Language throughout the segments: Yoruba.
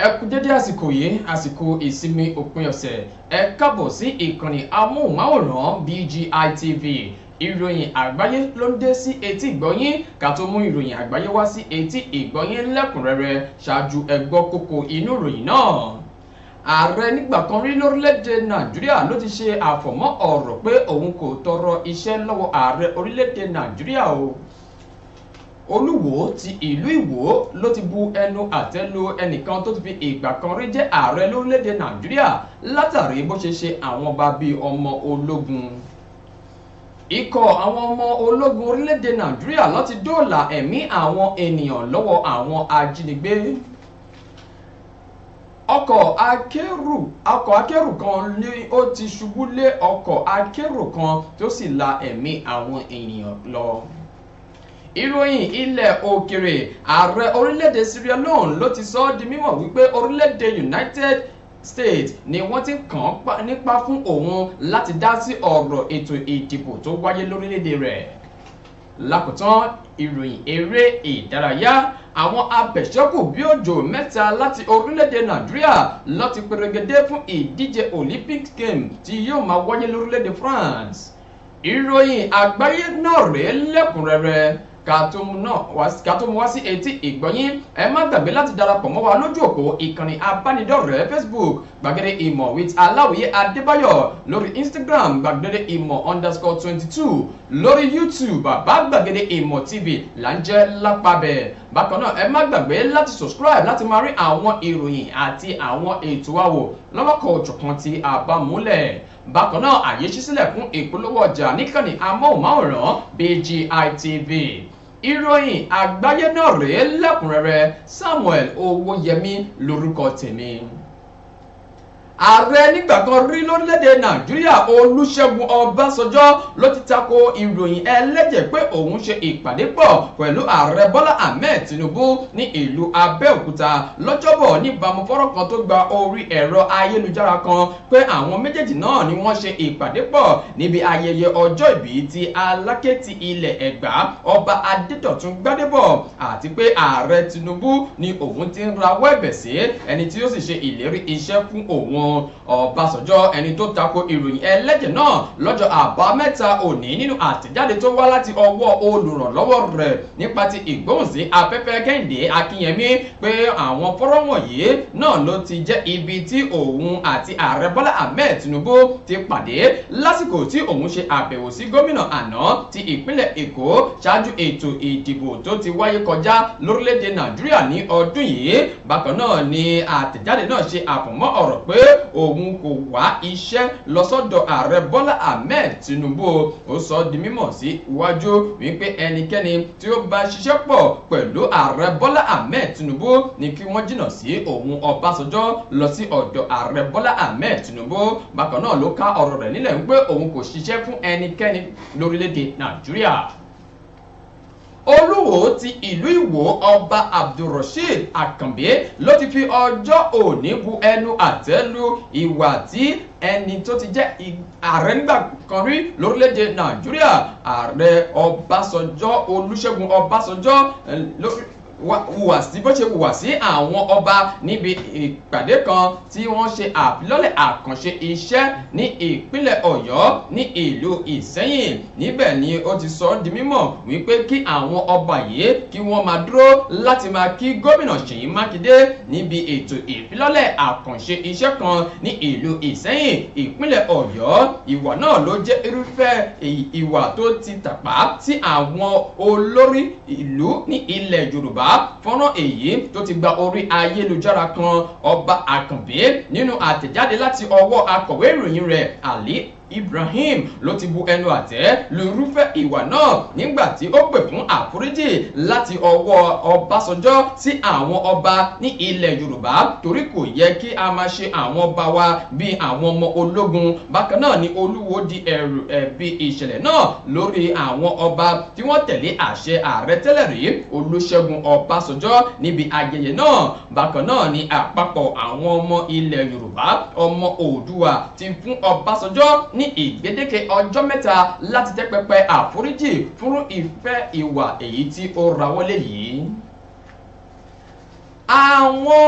ẹ kú dédé àsìkò yìí àsìkò ìsinmi òpin ọ̀sẹ̀ ẹ káàbọ̀ sí ìkànnì amóhùnmáwòrán BGI TV ìròyìn àgbáyé ló ń dé sí etí ìgbọ́yín ká tó mú ìròyìn àgbáyé wá sí etí ìgbọ́yín lẹ́kùnrẹ́rẹ́ ṣáájú ẹ gbọ́ kókó inú ìròyìn náà ààrẹ nígbà kan rí lórílẹ̀‐èdè nàìjíríà ló ti ṣe àfọ̀mọ́ ọ̀rọ̀ pé òun kò tọrọ iṣẹ́ lọ́wọ́ ààrẹ orílẹ̀ nàìjíríà o olúwo ti ìlú ìwó ló ti bu ẹnu àtẹ́ lu ẹnìkan tó ti fi ìgbà kan rí jẹ́ ààrẹ lórílẹ̀‐èdè nàìjíríà látàrí bó ṣe ṣe àwọn bàbí ọmọ ológun ikọ̀ àwọn ọmọ ológun orílẹ̀‐èdè nàìjíríà ló ti dóòlà ẹ̀mí àwọn ènìyàn lọ́wọ́ àwọn ajínigbé ọkọ̀ akẹ́rù ọkọ̀ akẹ́rù kan ni ó ti ṣubú lé ọkọ̀ akẹ́rù kan tó sì la ẹ̀mí àwọn ènìyàn lọ ìròyìn ilẹ̀ òkèrè ààrẹ orílẹ̀-èdè Sierra Leone ló ti sọ ọ́ di mímọ̀ wípé orílẹ̀-èdè United States. ni wọ́n ti kàn án nípa fún òun láti dá sí ọ̀rọ̀ ètò ìdìbò tó wáyé lórílẹ̀‐èdè rẹ̀ lákòótán ìròyìn eré ìdárayá àwọn abẹ̀ṣẹ́kù bí òjò mẹ́ta láti orílẹ̀-èdè nàìjíríà ló ti pèrègede fún ìdíje olympic games tí yóò máa wáyé lórílẹ̀-èdè france ìròyìn àgbáyé náà rèé lẹ́kùnrẹ́rẹ́ kàtó mu wá sí etí ìgbọ́yín ẹ má gbàgbé láti darapọ̀ mọ́ wa lójú òpó ìkànnì abánidọ́rẹ̀ẹ́ facebook gbàgede ìmọ̀ with aláwìyé adébáyọ̀ lórí instagram gbàgede ìmọ̀ underscore twenty two lórí youtube bàbá gbàgede ìmọ̀ tv là ń jẹ́ lápabẹ̀ bákan náà ẹ má gbàgbé láti subscribe láti máa rí àwọn ìròyìn àti àwọn ètò àwò lọ́lọ́kọ̀ òjọ̀kan ti àbámúlẹ̀ bákan náà àyè ṣí sílẹ̀ fún ìpolówó ọjà níkànnì amóhùnmáwòrán BGI ìròyìn àgbáyé náà rèé lẹ́kùnrẹ́rẹ́ Samuel Owóyẹmí lórúkọ tèmi ààrẹ nígbà kan rí lórílẹ̀‐èdè nàìjíríà olúṣẹ́gun ọbásanjọ́ ló ti tako ìròyìn ẹlẹ́jẹ̀ pé òun ṣe ìpàdé pọ̀ pẹ̀lú ààrẹ bọ́lá ahmed tinubu ní ìlú abẹ́òkúta lọ́jọ́bọ̀ níbàámu fọ́rọ̀ kan tó gba orí ẹ̀rọ ayélujára kan pé àwọn méjèèjì náà ni wọ́n ṣe ìpàdé pọ̀ níbi ayẹyẹ ọjọ́ ìbí ti aláké ti ilẹ̀ ẹ̀gbá ọba adédọ̀tún gbádébọ̀ àti pé ààrẹ tinubu ni òun ti ń rawọ́ ẹ̀bẹ̀ sí ẹni tí ó sì ṣe ìlérí iṣẹ́ fún òun Ọbásanjọ́ ẹni tó tako ìròyìn ẹlẹ́jẹ̀ náà lọ́jọ́ àbámẹ́ta òní nínú àtẹ̀jáde tó wá láti ọwọ́ olùrànlọ́wọ́ rẹ̀ nípa ti ìgbóhùnsí afẹ́fẹ́ Kẹ́hìndé Akínyẹmí pé àwọn fọ́rọ́ wọ̀nyí náà ló ti jẹ́ ibi tí òun àti ààrẹ Bọ́lá Ahmed Tinubu ti pàdé lásìkò tí òun ṣe àbẹ̀wò sí gómìnà àná ti ìpínlẹ̀ Èkó ṣáájú ètò ìdìbò tó ti wáyé kọjá lórílẹ̀‐èdè Nàìjíríà ní ọdún yìí bákan náà ni àtẹ̀jáde náà ṣe àfọ̀mọ́ ọ̀rọ̀ pé òun kò wá iṣẹ́ lọ́sọ́dọ̀ ààrẹ Bọ́lá Ahmed Tinubu ó sọ di mímọ̀ sí iwájú wípé ẹnikẹ́ni tí ó bá ṣiṣẹ́ pọ̀ pẹ̀lú ààrẹ Bọ́lá Ahmed Tinubu ni kí wọ́n jìnnà sí òun Ọbásanjọ́ lọ sí ọ̀dọ̀ ààrẹ Bọ́lá Ahmed Tinubu bákan náà ló ká ọ̀rọ̀ rẹ̀ nílẹ̀ wípé òun kò ṣiṣẹ́ fún ẹnikẹ́ni lórílẹ̀‐èdè Nàìjíríà olúwo ti ìlú ìwò ọba abdulrasheed akànbí ló ti fi ọjọ́ òní bu ẹnu àtẹ́ lu ìwà tí ẹni tó ti jẹ́ ààrẹ nígbà kan rí lórílẹ̀‐èdè nàìjíríà ààrẹ ọbásanjọ́ olúṣẹ́gun ọbásanjọ́ lórí hùwà bó ṣe hùwà àwọn ọba níbi ìpàdé kan tí wọ́n ṣe àfilọ́lẹ̀ àkànṣe iṣẹ́ ní ìpínlẹ̀ ọ̀yọ́ ní ìlú ìsẹ́yìn níbẹ̀ ni ó ti sọ di mímọ̀ wípé kí àwọn ọba yìí kí wọ́n máa dúró láti máa kí gómìnà ṣèyí mákindé níbi ètò ìfilọ́lẹ̀ àkànṣe iṣẹ́ kan ní ìlú ìsẹ́yìn ìpínlẹ̀ ọ̀yọ́ ìwà náà ló jẹ́ irúfẹ́ ìwà tó ti tàpá sí àwọn fọ́nrán èyí tó ti gba orí ayélujára kan ọba àkànbí nínú àtẹ̀jáde láti ọwọ́ akọ̀wé ìròyìn rẹ̀ ali Ibrahim ló ti bu ẹnu àtẹ́ lórúfẹ́ ìwà náà nígbà tí ó pè fún àforíjì láti ọwọ́ Ọbásanjọ́ sí àwọn ọba ní ilẹ̀ Yorùbá torí kò yẹ kí a máa ṣe àwọn ọba wa bí àwọn ọmọ ológun bákan náà ni Olúwo di ẹ̀rù ẹ̀bi ìṣẹ̀lẹ̀ náà lórí àwọn ọba tí wọ́n tẹ̀lé àṣẹ ààrẹ tẹ́lẹ̀ rí Olúṣẹ́gun Ọbásanjọ́ níbi ayẹyẹ náà bákan náà ni àpapọ̀ àwọn ọmọ ilẹ̀ Yorùbá ọmọ Oòduà ti fún Ọbásanjọ́ n ní ìgbédeke ọjọ́ mẹ́ta láti tẹ́ pẹpẹ àforíjì fún ìfẹ́ ìwà èyí tí ó rawọ́lé yìí. àwọn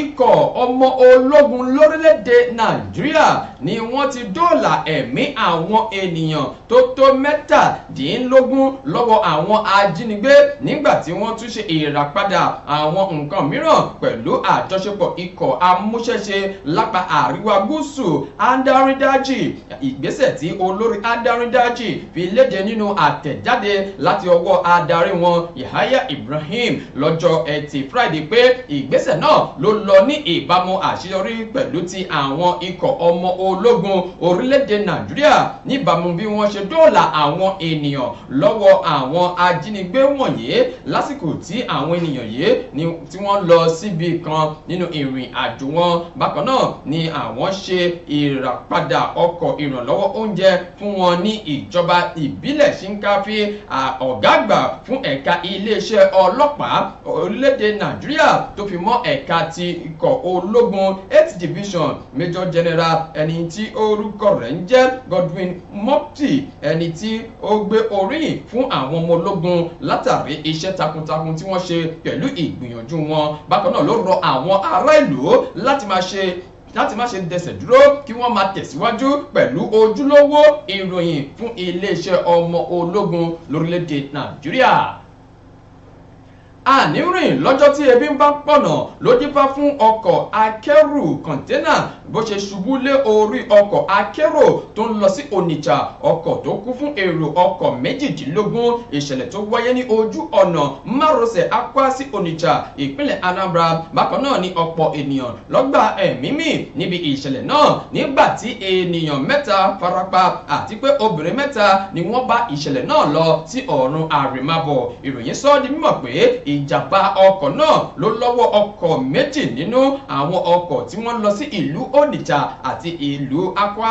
ikọ̀ ọmọ ológun lórílẹ̀‐èdè nàìjíríà ni wọ́n ti dóòlà ẹ̀mí àwọn ènìyàn tó tó mẹ́tàdínlógún lọ́wọ́ àwọn ajínigbé nígbà tí wọ́n tún ṣe ìràpadà àwọn nǹkan mìíràn pẹ̀lú àjọṣepọ̀ ikọ̀ amúṣẹ́ṣe lápá àríwá gúúsù andarindaji ìgbésẹ̀ tí olórí andarindaji fi léde nínú àtẹ̀jáde láti ọwọ́ adarí wọn Yahaya Ibrahim lọ́jọ́ ẹtì Friday pé ìgbésẹ̀ náà ló lọ ní ìbámu àṣeyọrí pẹ̀lú ti àwọn ikọ̀ ọmọ o ológun orílẹ̀-èdè nàìjíríà níbàámu bí wọ́n ṣe dóòlà àwọn ènìyàn lọ́wọ́ àwọn ajínigbé wọ̀nyí lásìkò tí àwọn ènìyàn yìí tí wọ́n lọ síbi kan nínú ìrìn àjò wọn bákan náà ni àwọn ṣe ìràpadà ọkọ̀ ìrànlọ́wọ́ oúnjẹ fún wọn ní ìjọba ìbílẹ̀ ṣínkáfí ọ̀gá àgbà fún ẹ̀ka iléeṣẹ́ ọlọ́pàá orílẹ̀-èdè nàìjíríà tó fi mọ́ ẹ̀ka ti ikọ̀ ológun eight division major general ẹni ẹni tí orúkọ rẹ̀ ń jẹ́ Godwin Mopti ẹni tí ó gbé oríyìn fún àwọn ọmọ ológun látàrí iṣẹ́ takuntakun tí wọ́n ṣe pẹ̀lú ìgbìyànjú wọn bákan náà ló rọ àwọn ará ìlú láti máa ṣe láti má ṣe dẹsẹ̀ dúró kí wọ́n máa tẹ̀síwájú pẹ̀lú ojúlówó ìròyìn fún iléeṣẹ́ ọmọ ológun lórílẹ̀‐èdè Nàìjíríà ànírìn lọ́jọ́ tí ebi ń bá pọ̀nà ló dífá fún ọkọ̀ akẹ́rù kọ̀ńténà bó ṣe ṣubú lé orí ọkọ̀ akérò tó ń lọ sí onitsha ọkọ̀ tó kú fún èrò ọkọ̀ méjìdínlógún ìṣẹ̀lẹ̀ tó wáyé ní ojú ọ̀nà márosẹ̀ akwa sí onitsha ìpínlẹ̀ anambra bákan náà ni ọ̀pọ̀ ènìyàn lọ́gbà ẹ̀mí mì níbi ìṣẹ̀lẹ̀ náà nígbà tí ènìyàn mẹ́ta farapa àti pé obìnrin mẹ́ta ni wọ́n bá ìṣẹ̀lẹ̀ náà lọ sí ọ̀run àrèmábọ̀ ìròyìn sọ di mímọ̀ pé ìjàpá ọkọ̀ náà ló lọ́wọ́ ọkọ̀ méjì nínú àwọn ọkọ̀ tí wọ́n lọ sí ìlú Onitsha àti ìlú Akwa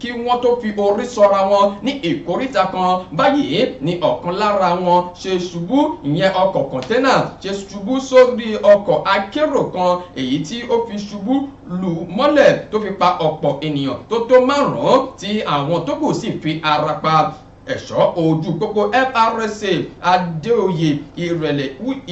kí wọ́n tó fi orí sọra wọn ní ìkóríta kan báyìí ni ọ̀kan lára wọn ṣe ṣubú ìyẹn ọkọ̀ kọ̀ńténà ṣe ṣubú sórí ọkọ̀ akérò kan èyí tí ó fi ṣubú lù mọ́lẹ̀ tó fi pa ọ̀pọ̀ ènìyàn tó tó márùn-ún tí àwọn tó kù sì fi ara pa ẹ̀ṣọ́ ojú pópó FRSA Adéoyè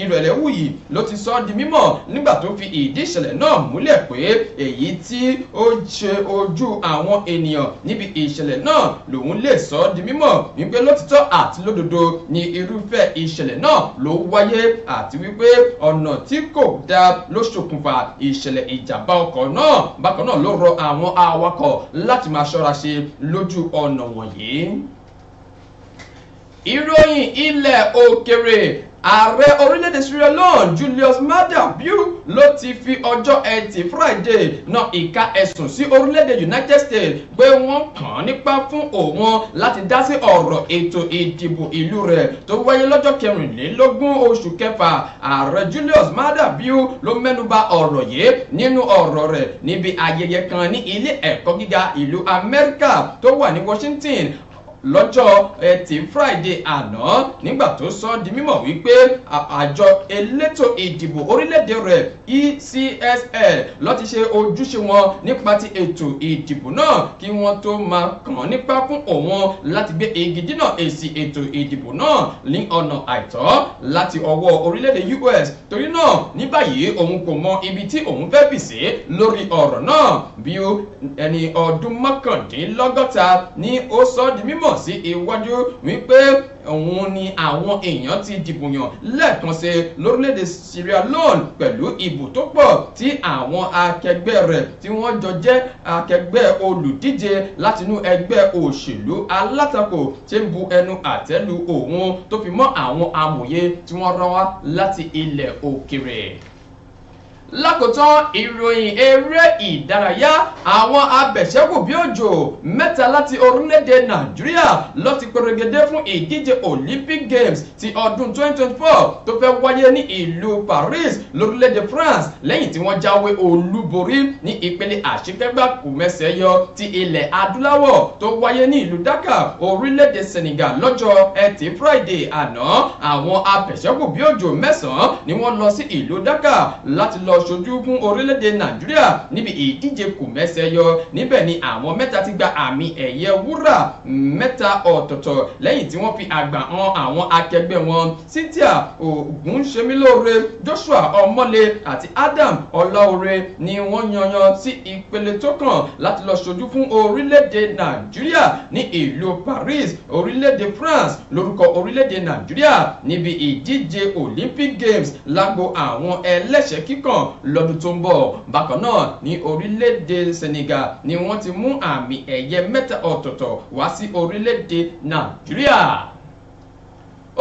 ìrẹ̀lẹ̀ wùyí ló ti sọ di mímọ̀ nígbà tó fi ìdí ìṣẹ̀lẹ̀ náà múlẹ̀ pé èyí tí ó ṣe ojú àwọn ènìyàn níbi ìṣẹ̀lẹ̀ náà lòun lè sọ di mímọ̀ wípé lótìtọ́ àti lódodo ni irúfẹ́ ìṣẹ̀lẹ̀ náà ló wáyé àti wípé ọ̀nà tí kò dáa ló ṣokùnfà ìṣẹ̀lẹ̀ ìjàmbá ọkọ̀ náà bákan náà ló rọ àwọn awakọ̀ láti máa ṣọ́ra ṣe lójú ọ̀nà wọ̀nyí ìròyìn ilẹ̀ òkèrè ààrẹ orílẹ̀-èdè Sierra Leone Julius Madam Bio ló ti fi ọjọ́ ẹtì Friday náà ìka ẹ̀sùn sí orílẹ̀-èdè United States pé wọ́n kàn án nípa fún òun láti dá sí ọ̀rọ̀ ètò ìdìbò ìlú rẹ̀ tó wáyé lọ́jọ́ kẹrìnlélógún oṣù kẹfà ààrẹ Julius Madam Bio ló mẹ́nuba ọ̀rọ̀ yìí nínú ọ̀rọ̀ rẹ̀ níbi ayẹyẹ kan ní ilé ẹ̀kọ́ gíga ìlú Amẹ́ríkà tó wà ní Washington lọ́jọ́ ẹtì friday àná nígbà tó sọ ọ́ di mímọ̀ wípé àjọ elétò ìdìbò orílẹ̀-èdè rẹ̀ ECSL ló ti ṣe ojúṣe wọn nípa ti ètò ìdìbò náà kí wọ́n tó máa kàn án nípa fún òun láti gbé igi dínà èsì ètò ìdìbò náà ní ọ̀nà àìtọ́ láti ọwọ́ orílẹ̀-èdè US torí náà ní báyìí òun kò mọ ibi tí òun fẹ́ bì sí lórí ọ̀rọ̀ náà bí ẹni ọdún mọ́kàndínlọ́gọ́ta ni ó sọ ọ́ di mímọ̀ náà sí iwájú wípé òun ni àwọn èèyàn ti dìbò yàn lẹ́ẹ̀kan ṣe lórílẹ̀‐èdè Sierra Leone pẹ̀lú ìbò tó pọ̀ tí àwọn akẹgbẹ́ rẹ̀ tí wọ́n jọ jẹ́ akẹgbẹ́ olùdíje látinú ẹgbẹ́ òṣèlú alátakò tí ń bu ẹnu àtẹ́lu òun tó fi mọ́ àwọn amòye tí wọ́n rán wá láti ilẹ̀ òkèrè lákòótán ìròyìn eré ìdárayá àwọn abẹ̀ṣẹ́kù bí òjò mẹ́ta láti orílẹ̀-èdè nàìjíríà ló ti pèrègede fún ìdíje olympic games ti ọdún 2024 tó fẹ́ wáyé ní ìlú paris lórílẹ̀-èdè france lẹ́yìn tí wọ́n jáwé olúborí ní ìpele àṣekẹ́gbà kùmẹ́sẹ̀yọ ti ilẹ̀ adúláwọ̀ tó wáyé ní ìlú dakar orílẹ̀-èdè senegal lọ́jọ́ ẹtì friday àná àwọn abẹ̀ṣẹ́kù bí òjò mẹ́sàn-án ni wọ́n lọ sí ìlú dakar láti lọ ṣojú fún orílẹ̀-èdè nàìjíríà níbi ìdíje kòmẹ́sẹ̀yọ níbẹ̀ ni àwọn mẹ́ta ti gba àmì ẹ̀yẹ wúrà mẹ́ta ọ̀tọ̀ọ̀tọ̀ lẹ́yìn tí wọ́n fi àgbà han àwọn akẹgbẹ́ wọn cynthia ogunṣemilóore joshua ọmọlé àti adam ọláore ni wọ́n yanyan sí ìpele tó kàn láti lọ ṣojú fún orílẹ̀-èdè nàìjíríà ní ìlú paris orílẹ̀-èdè france lórúkọ orílẹ̀-èdè nàìjíríà níbi ìdíje olympic games lágbo àwọn ẹlẹ́sẹ̀ kíkàn lọ́dún tó ń bọ̀ bákan náà ní orílẹ̀-èdè Senegal ni wọ́n ti mú àmì ẹ̀yẹ mẹ́ta ọ̀tọ̀ọ̀tọ̀ wá sí orílẹ̀-èdè Nàìjíríà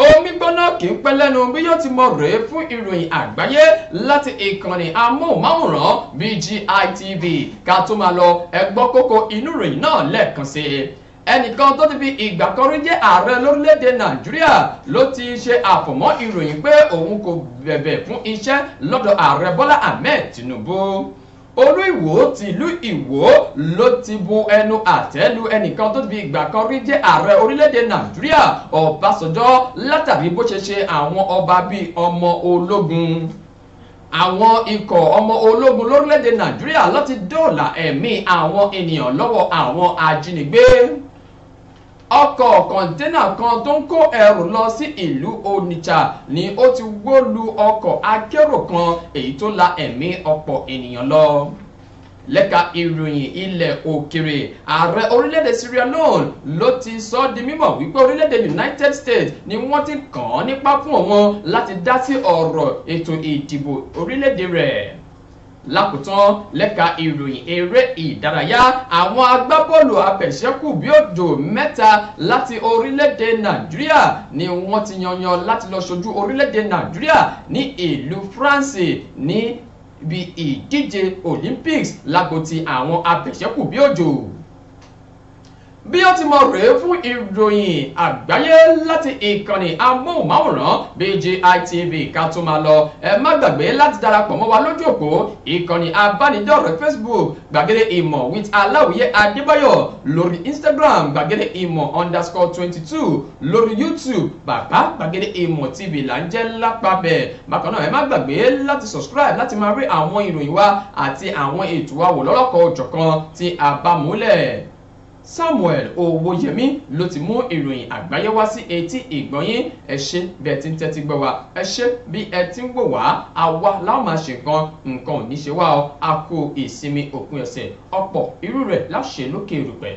omi gbóná kì í pẹ́ lẹ́nu bí yóò ti mọ rèé fún ìròyìn àgbáyé láti ìkànnì amóhùnmáwòrán BGI TV ká tó máa lọ ẹ gbọ́ kókó inú ìròyìn náà lẹ́ẹ̀kan sí i ẹnìkan tó ti fi ìgbà kan rí jẹ́ ààrẹ lórílẹ̀‐èdè nàìjíríà ló ti ṣe àfọ̀mọ́ ìròyìn pé òun kò bẹ̀bẹ̀ fún iṣẹ́ lọ́dọ̀ ààrẹ bọ́lá ahmed tinubu olú ìwò tìlú ìwò ló ti bu ẹnu àtẹ́ lu ẹnìkan tó ti fi ìgbà kan rí jẹ́ ààrẹ orílẹ̀-èdè nàìjíríà ọ̀básọjọ́ látàrí bó ṣe ṣe àwọn ọba bíi ọmọ ológun àwọn ikọ̀ ọmọ ológun lórílẹ̀-èdè nàìjíríà láti dóòlà ẹ̀mí àwọn ènìyàn lọ́wọ́ àwọn ajínigbé ọkọ̀ kọ̀ńténà kan tó ń kó ẹrù lọ sí ìlú Onitsha ni ó ti wó lu ọkọ̀ akérò kan èyí tó la ẹ̀mí ọ̀pọ̀ ènìyàn lọ lẹ́ka ìròyìn ilẹ̀ òkèrè ààrẹ orílẹ̀-èdè Sierra Leone ló ti sọ ọ́ di mímọ̀ wípé orílẹ̀-èdè United States ni wọ́n ti kàn án nípa fún òun láti dá sí ọ̀rọ̀ ètò ìdìbò orílẹ̀-èdè rẹ̀ lákòótán lẹ́ka ìròyìn eré ìdárayá àwọn agbábọ́ọ̀lù abẹ̀ṣẹ́kù bí òjò mẹ́ta láti orílẹ̀-èdè nàìjíríà ni wọ́n ti yanyan láti lọ ṣojú orílẹ̀-èdè nàìjíríà ní ìlú france ní ibi ìdíje olympics lágbo ti àwọn abẹ̀ṣẹ́kù bí òjò bí ó ti mọ rèé fún ìròyìn àgbáyé láti ìkànnì amóhùnmáwòrán BGI TV ká tó máa lọ ẹ má gbàgbé láti darapọ̀ mọ́ wa lójú òpó ìkànnì abánidọ́rẹ̀ẹ́ Facebook gbàgede ìmọ̀ with aláwìyé adébáyọ̀ lórí Instagram gbàgede ìmọ̀ underscore twenty two lórí YouTube bàbá gbàgede ìmọ̀ TV là ń jẹ́ lápapẹ̀ bákan náà ẹ má gbàgbé láti subscribe láti máa rí àwọn ìròyìn wa àti àwọn ètò wa wò lọ́lọ́kọ̀ọ́ jọ̀kan tí a Samuel Owóyẹmí ló ti mú ìròyìn àgbáyé wá sí etí ìgbọ̀nyín ẹ ṣé bí ẹ ti ń tẹ́tí gbọ́ wa ẹ ṣé bí ẹ ti ń wò wá àwa láwọn máa ṣe nǹkan nǹkan ò ní ṣe wá ọ a kó ìsinmi òpin ọ̀sẹ̀ ọ̀pọ̀ irú rẹ̀ láṣẹ lókè rùpẹ̀.